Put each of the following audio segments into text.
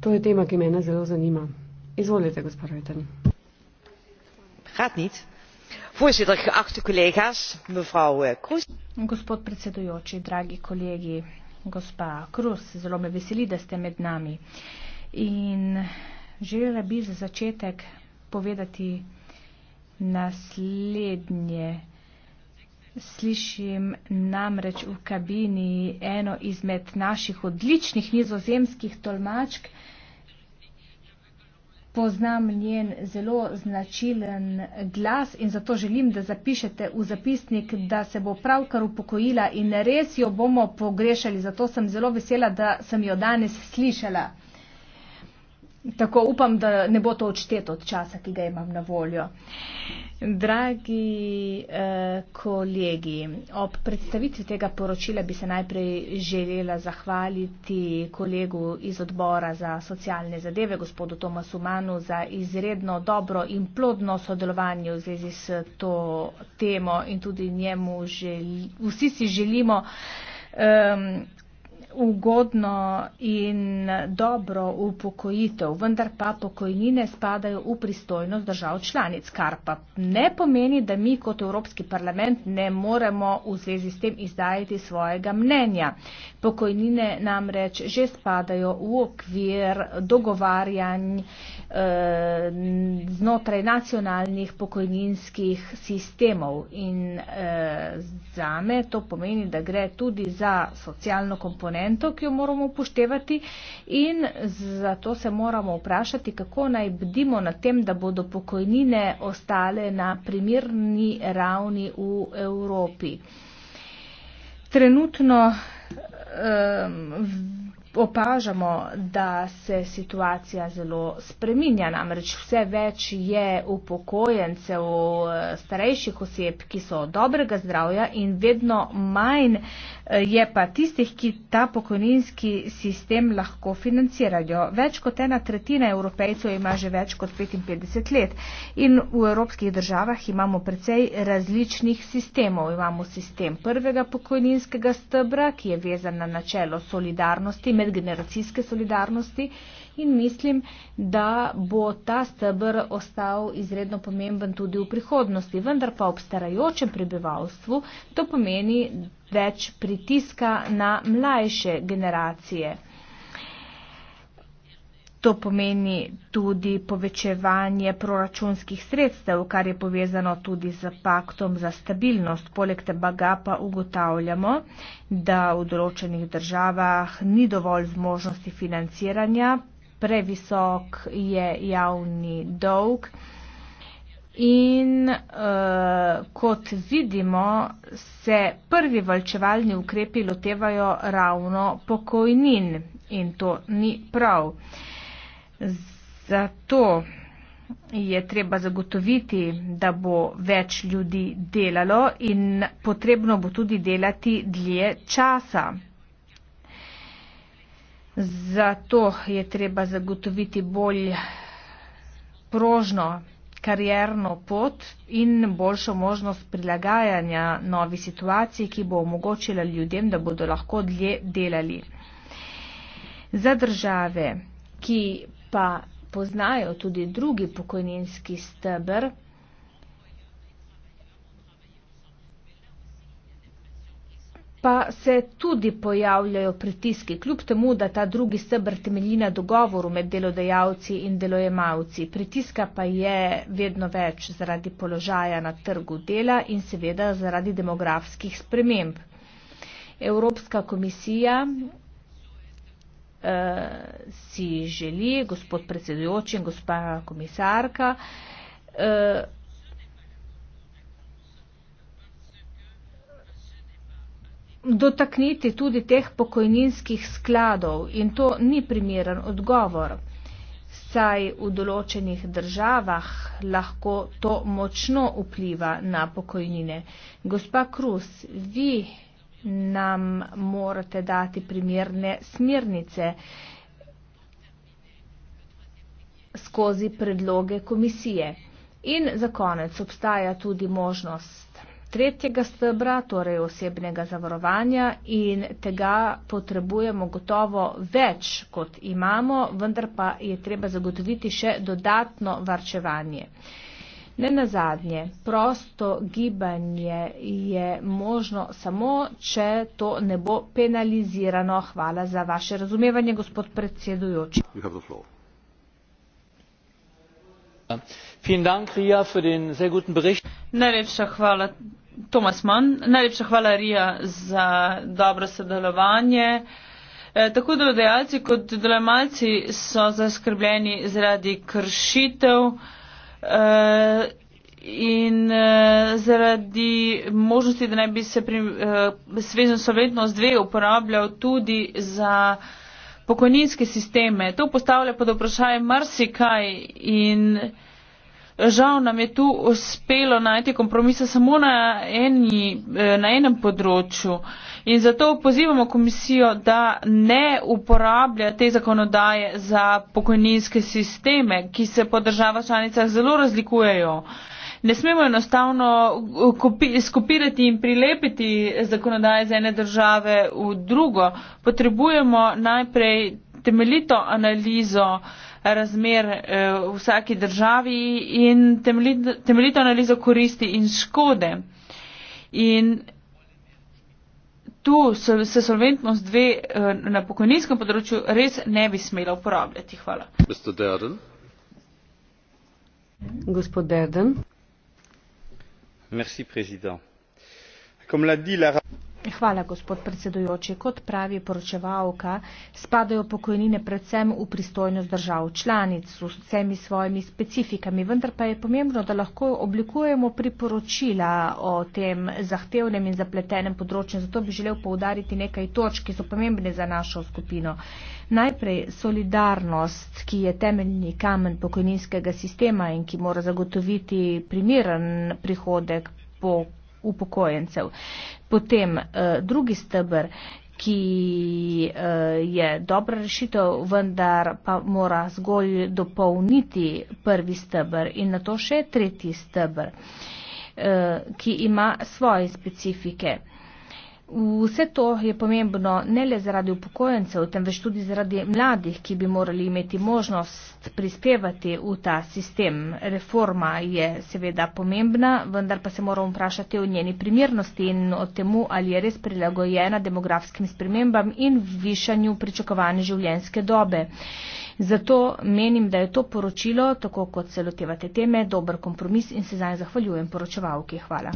To je tema, ki mene zelo zanima. Izvolite, gospod Rojtani. Gaat niet. Voorzitter, geachte collega's, mevrouw eh, Kroes. Gospod predsedujoči, dragi kolegi, gospa Kroes, zelo me veseli, da ste med nami. In želela bi za začetek povedati naslednje. Slišim namreč v kabini eno izmed naših odličnih nizozemskih tolmačk. Poznam njen zelo značilen glas in zato želim, da zapišete v zapisnik, da se bo pravkar upokojila in res jo bomo pogrešali. Zato sem zelo vesela, da sem jo danes slišala. Tako upam, da ne bo to odšteto od časa, ki ga imam na voljo. Dragi eh, kolegi, ob predstavitvi tega poročila bi se najprej želela zahvaliti kolegu iz odbora za socialne zadeve, gospodu Tomasu Manu, za izredno dobro in plodno sodelovanje v zvezi s to temo in tudi njemu želi, vsi si želimo. Eh, ugodno in dobro upokojitev, vendar pa pokojnine spadajo v pristojnost držav članic, kar pa ne pomeni, da mi kot Evropski parlament ne moremo v zvezi s tem izdajati svojega mnenja. Pokojnine namreč že spadajo v okvir dogovarjanj eh, znotraj nacionalnih pokojninskih sistemov in eh, zame to pomeni, da gre tudi za socialno komponento elementov, ki jo moramo upoštevati in zato se moramo vprašati, kako naj bdimo na tem, da bodo pokojnine ostale na primirni ravni v Evropi. Trenutno um, opažamo, da se situacija zelo spreminja, namreč vse več je upokojencev, eh, starejših oseb, ki so dobrega zdravja in vedno manj uh, Je pa tistih, ki ta pokojninski sistem lahko financirajo. Več kot ena tretjina evropejcev ima že več kot 55 let in v evropskih državah imamo precej različnih sistemov. Imamo sistem prvega pokojninskega stebra, ki je vezan na načelo solidarnosti, medgeneracijske solidarnosti, in mislim, da bo ta stebr ostal izredno pomemben tudi v prihodnosti. Vendar pa ob starajočem prebivalstvu to pomeni več pritiska na mlajše generacije. To pomeni tudi povečevanje proračunskih sredstev, kar je povezano tudi z paktom za stabilnost. Poleg tega pa ugotavljamo, da v določenih državah ni dovolj zmožnosti financiranja previsok je javni dolg. In uh, kot vidimo, se prvi valčevalni ukrepi lotevajo ravno pokojnin in to ni prav. Zato je treba zagotoviti, da bo več ljudi delalo in potrebno bo tudi delati dlje časa. Zato je treba zagotoviti bolj prožno karjerno pot in boljšo možnost prilagajanja novi situaciji, ki bo omogočila ljudem, da bodo lahko dlje delali. Za države, ki pa poznajo tudi drugi pokojninski stebr, pa se tudi pojavljajo pritiski, kljub temu, da ta drugi sebr temelji na dogovoru med delodajalci in delojemalci. Pritiska pa je vedno več zaradi položaja na trgu dela in seveda zaradi demografskih sprememb. Evropska komisija eh, si želi, gospod predsedujoči in gospa komisarka, eh, dotakniti tudi teh pokojninskih skladov in to ni primeren odgovor, saj v določenih državah lahko to močno vpliva na pokojnine. Gospa Krus, vi nam morate dati primerne smernice skozi predloge komisije. In za konec obstaja tudi možnost tretjega stebra, torej osebnega zavarovanja in tega potrebujemo gotovo več, kot imamo, vendar pa je treba zagotoviti še dodatno varčevanje. Ne na zadnje, prosto gibanje je možno samo, če to ne bo penalizirano. Hvala za vaše razumevanje, gospod predsedujoči. Ja. najlepša hvala ria za dobro sodelovanje. E, tako delodajalci kot delojemalci so zaskrbljeni zaradi kršitev e, in e, zaradi možnosti da naj bi se pri svežen sovjetnost dve uporabljal tudi za pokojninske sisteme. To postavlja pod vprašanje marsikaj in žal nam je tu uspelo najti kompromise samo na, eni, eh, na enem področju. In zato pozivamo komisijo, da ne uporablja te zakonodaje za pokojninske sisteme, ki se po državah članicah zelo razlikujejo ne smemo enostavno kopi, skopirati in prilepiti zakonodaje z ene države v drugo. Potrebujemo najprej temeljito analizo razmer eh, v vsaki državi in temeljito, temeljito analizo koristi in škode. In tu se solventnost dve eh, na pokojninskem področju res ne bi smela uporabljati. Hvala. Gospod Derden monsieur le président comme l'a dit la rapporteure m. Hvala, gospod predsedujoči. Kot pravi poročevalka, spadajo pokojnine predvsem v pristojnost držav članic s vsemi svojimi specifikami, vendar pa je pomembno, da lahko oblikujemo priporočila o tem zahtevnem in zapletenem področju. Zato bi želel poudariti nekaj točk, ki so pomembne za našo skupino. Najprej solidarnost, ki je temeljni kamen pokojninskega sistema in ki mora zagotoviti primeren prihodek po upokojencev. Potem eh, drugi stebr, ki eh, je dobra rešitev, vendar pa mora zgolj dopolniti prvi stebr in na to še tretji stebr, eh, ki ima svoje specifike. Vse to je pomembno ne le zaradi upokojencev, temveč tudi zaradi mladih, ki bi morali imeti možnost prispevati v ta sistem. Reforma je seveda pomembna, vendar pa se moramo vprašati o njeni primernosti in o temu, ali je res prilagojena demografskim spremembam in višanju pričakovane življenjske dobe. Zato menim, da je to poročilo, tako kot se lotevate teme, dober kompromis in se zanje zahvaljujem poročevalki. Hvala.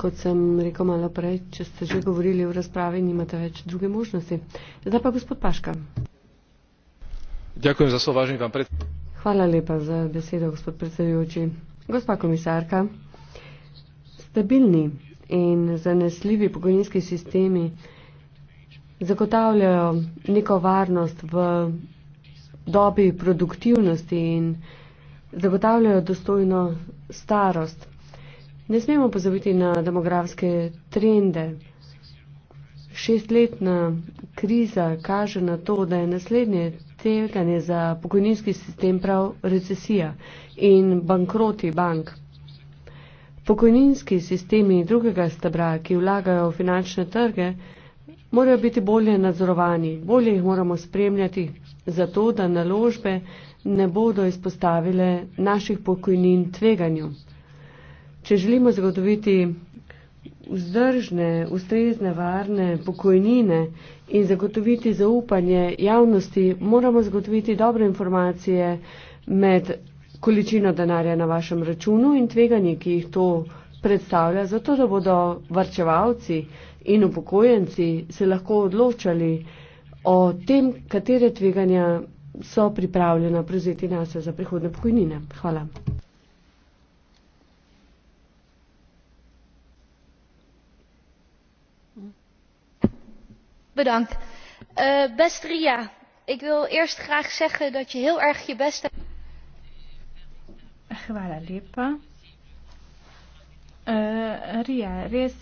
Kot sem rekel malo prej, če ste že govorili v razpravi, nimate več druge možnosti. Zdaj pa gospod Paška. Ďakujem za sovažen vam pred. Hvala lepa za besedo, gospod predsedujoči. Gospa komisarka, stabilni in zanesljivi pogojinski sistemi zagotavljajo neko varnost v dobi produktivnosti in zagotavljajo dostojno starost. Ne smemo pozabiti na demografske trende. Šestletna kriza kaže na to, da je naslednje tveganje za pokojninski sistem prav recesija in bankroti bank. Pokojninski sistemi drugega stebra, ki vlagajo v finančne trge, morajo biti bolje nadzorovani, bolje jih moramo spremljati, zato da naložbe ne bodo izpostavile naših pokojnin tveganju. Če želimo zagotoviti vzdržne, ustrezne, varne pokojnine in zagotoviti zaupanje javnosti, moramo zagotoviti dobre informacije med količino denarja na vašem računu in tveganji, ki jih to predstavlja, zato da bodo varčevalci in upokojenci se lahko odločali o tem, katere tveganja so pripravljena prevzeti nas za prihodne pokojnine. Hvala. Bedankt. Uh, beste Ria, ik wil eerst graag zeggen dat je heel erg je best hebt. Hvala lepa. Uh, Ria, res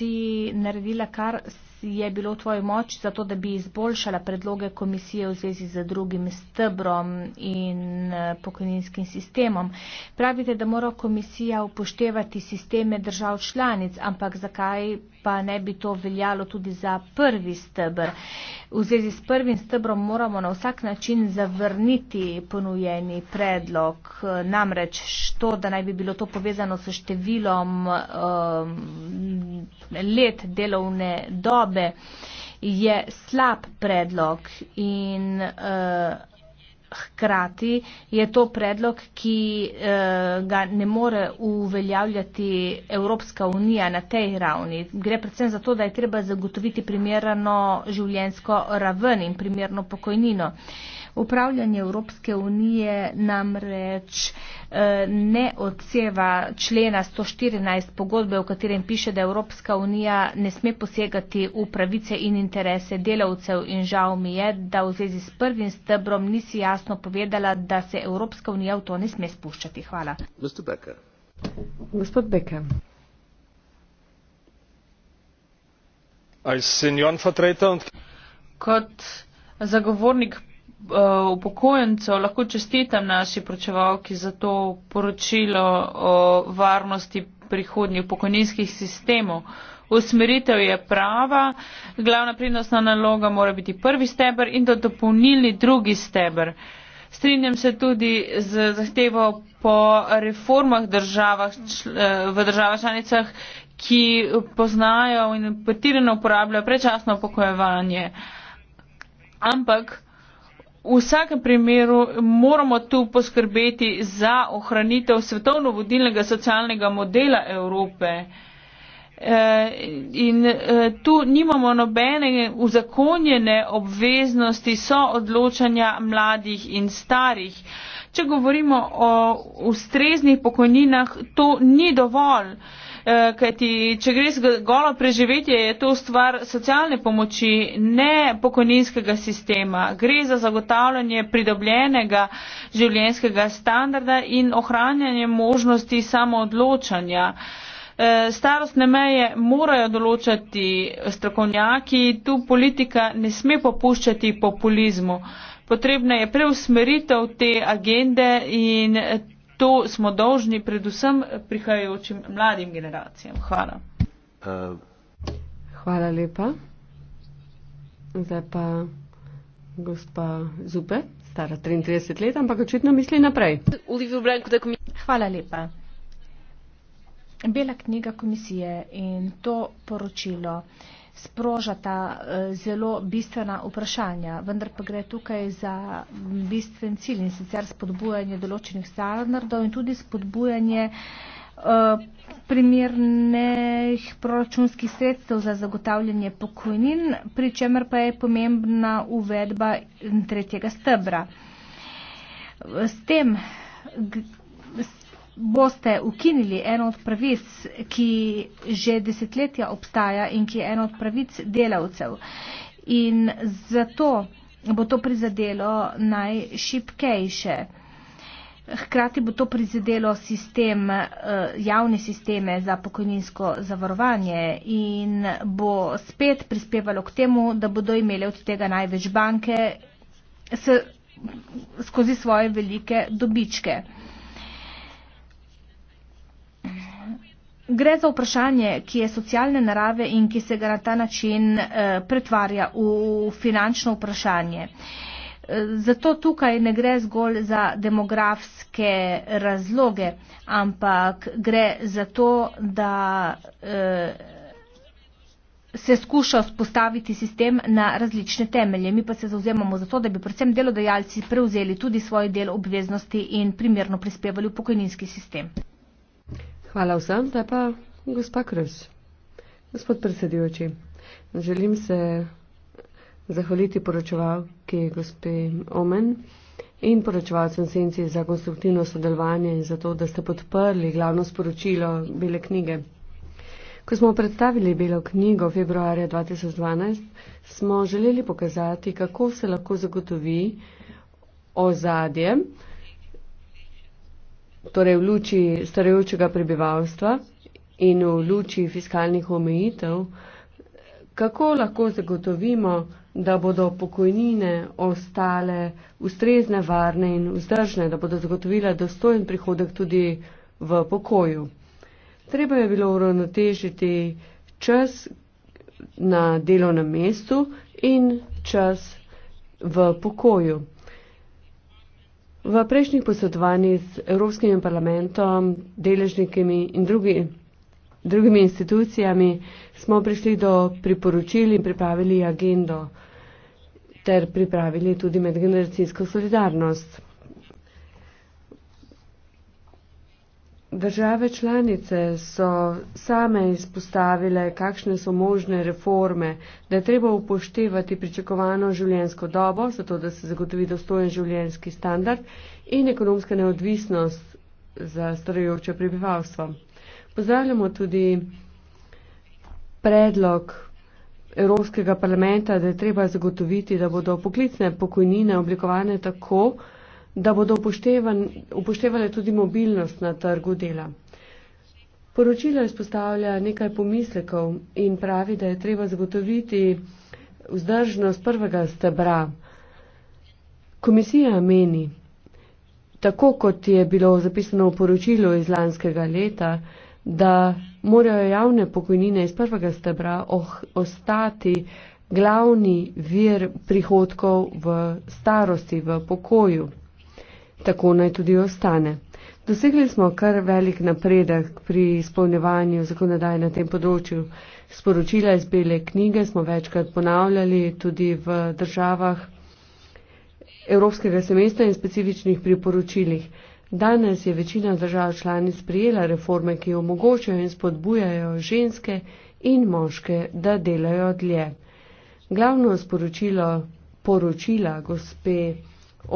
si naredila kar je bilo v tvoji moči za to, da bi izboljšala predloge komisije v zvezi z drugim stebrom in eh, pokojninskim sistemom. Pravite, da mora komisija upoštevati sisteme držav članic, ampak zakaj pa ne bi to veljalo tudi za prvi stebr? V zvezi s prvim stebrom moramo na vsak način zavrniti ponujeni predlog. Namreč to, da naj bi bilo to povezano s številom um, let delovne dobe, sobe, je slab predlog in uh, hkrati je to predlog, ki uh, ga ne more uveljavljati Evropska unija na tej ravni. Gre predvsem za to, da je treba zagotoviti primerno življensko raven in primerno pokojnino. Uh, Upravljanje Evropske unije namreč eh, ne odseva člena 114 pogodbe, v katerem piše, da Evropska unija ne sme posegati v pravice in interese delavcev in žal mi je, da v zvezi s prvim stebrom nisi jasno povedala, da se Evropska unija v to ne sme spuščati. Hvala. Gospod Beke. Kot zagovornik uh, upokojencev. Lahko čestitam naši pročevalki za to poročilo o varnosti prihodnjih pokojninskih sistemov. Usmeritev je prava, glavna prednostna naloga mora biti prvi steber in da dopolnili drugi steber. Strinjam se tudi z zahtevo po reformah državah, eh, v državah članicah, ki poznajo in potirano uporabljajo prečasno upokojevanje. Ampak V vsakem primeru moramo tu poskrbeti za ohranitev svetovno vodilnega socialnega modela Evrope. Eh, in eh, tu nimamo nobene uzakonjene obveznosti so odločanja mladih in starih. Če govorimo o ustreznih pokojninah, to ni dovolj. Eh, kajti če gre zgolj preživetje, je to stvar socialne pomoči, ne pokojninskega sistema. Gre za zagotavljanje pridobljenega življenskega standarda in ohranjanje možnosti samoodločanja. Eh, starostne meje morajo določati strokovnjaki, tu politika ne sme popuščati populizmu. Potrebna je preusmeritev te agende in to smo dolžni predvsem prihajajočim mladim generacijam. Hvala. Uh. Hvala lepa. Zdaj pa gospa Zupe, stara 33 let, ampak očitno misli naprej. Hvala lepa. Bela knjiga komisije in to poročilo. Uh, sprožata eh, zelo bistvena vprašanja, vendar pa gre tukaj za bistven cilj in sicer spodbujanje določenih standardov in tudi spodbujanje eh, primernih proračunskih sredstev za zagotavljanje pokojnin, pri čemer pa je pomembna uvedba tretjega stebra. S tem, s boste ukinili eno od pravic, ki že desetletja obstaja in ki je eno od pravic delavcev. In zato bo to prizadelo najšipkejše. Hkrati bo to prizadelo sistem, eh, javne sisteme za pokojninsko zavarovanje in bo spet prispevalo k temu, da bodo imele od tega največ banke s, skozi svoje velike dobičke. Gre za vprašanje, ki je socialne narave in ki se ga na ta način eh, pretvarja v finančno vprašanje. Eh, zato tukaj ne gre zgolj za demografske razloge, ampak gre za to, da eh, se skuša spostaviti sistem na različne temelje. Mi pa se zauzemamo za to, da bi predvsem delodajalci prevzeli tudi svoj del obveznosti in primerno prispevali v pokojninski sistem. Hvala vsem, da pa gospa Krš. Gospod predsedujoči, želim se zahvaliti poročevalki gospe Omen in poročevalcem Senci za konstruktivno sodelovanje in za to, da ste podprli glavno sporočilo Bele knjige. Ko smo predstavili Belo knjigo februarja 2012, smo želeli pokazati, kako se lahko zagotovi ozadje, torej v luči starajočega prebivalstva in v luči fiskalnih omejitev, kako lahko zagotovimo, da bodo pokojnine ostale ustrezne, varne in vzdržne, da bodo zagotovila dostojen prihodek tudi v pokoju. Treba je bilo uravnotežiti čas na delovnem mestu in čas v pokoju. V prejšnjih posvetovanjih z Evropskim parlamentom, deležnikimi in drugi, drugimi institucijami smo prišli do priporočil in pripravili agendo ter pripravili tudi medgeneracijsko solidarnost. Države članice so same izpostavile, kakšne so možne reforme, da je treba upoštevati pričakovano življensko dobo, zato da se zagotovi dostojen življenski standard in ekonomska neodvisnost za starajoče prebivalstvo. Pozdravljamo tudi predlog Evropskega parlamenta, da je treba zagotoviti, da bodo poklicne pokojnine oblikovane tako, da bodo upoštevali tudi mobilnost na trgu dela. Poročilo izpostavlja nekaj pomislekov in pravi, da je treba zagotoviti vzdržnost prvega stebra. Komisija meni, tako kot je bilo zapisano v poročilu iz lanskega leta, da morajo javne pokojnine iz prvega stebra oh, ostati glavni vir prihodkov v starosti, v pokoju. Tako naj tudi ostane. Dosegli smo kar velik napredek pri izpolnjevanju zakonodaj na tem področju. Sporočila iz bele knjige smo večkrat ponavljali tudi v državah evropskega semestra in specifičnih priporočilih. Danes je večina držav članic prijela reforme, ki omogočajo in spodbujajo ženske in moške, da delajo dlje. Glavno sporočilo poročila gospe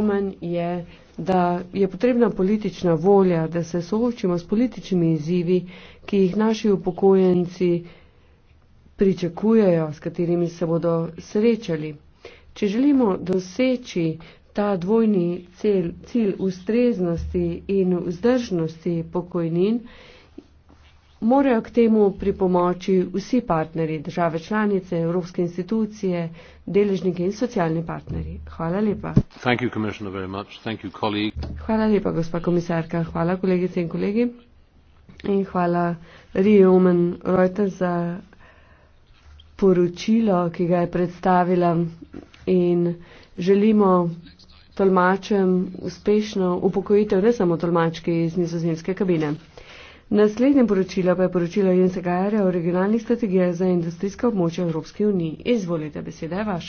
Omen je, da je potrebna politična volja, da se soočimo s političnimi izzivi, ki jih naši upokojenci pričakujejo, s katerimi se bodo srečali. Če želimo doseči ta dvojni cilj, cilj ustreznosti in vzdržnosti pokojnin, morajo k temu pripomoči vsi partnerji, države članice, evropske institucije, deležniki in socialni partnerji. Hvala lepa. You, you, hvala lepa, gospa komisarka. Hvala, kolegice in kolegi. In hvala Rio Men Reuters za poročilo, ki ga je predstavila. In želimo tolmačem uspešno upokojitev, ne samo tolmačke iz nizozemske kabine. Naslednje poročilo pa je poročilo Jensa Gajarja o regionalnih strategijah za industrijska območja Evropske unije. Izvolite, beseda je vaša.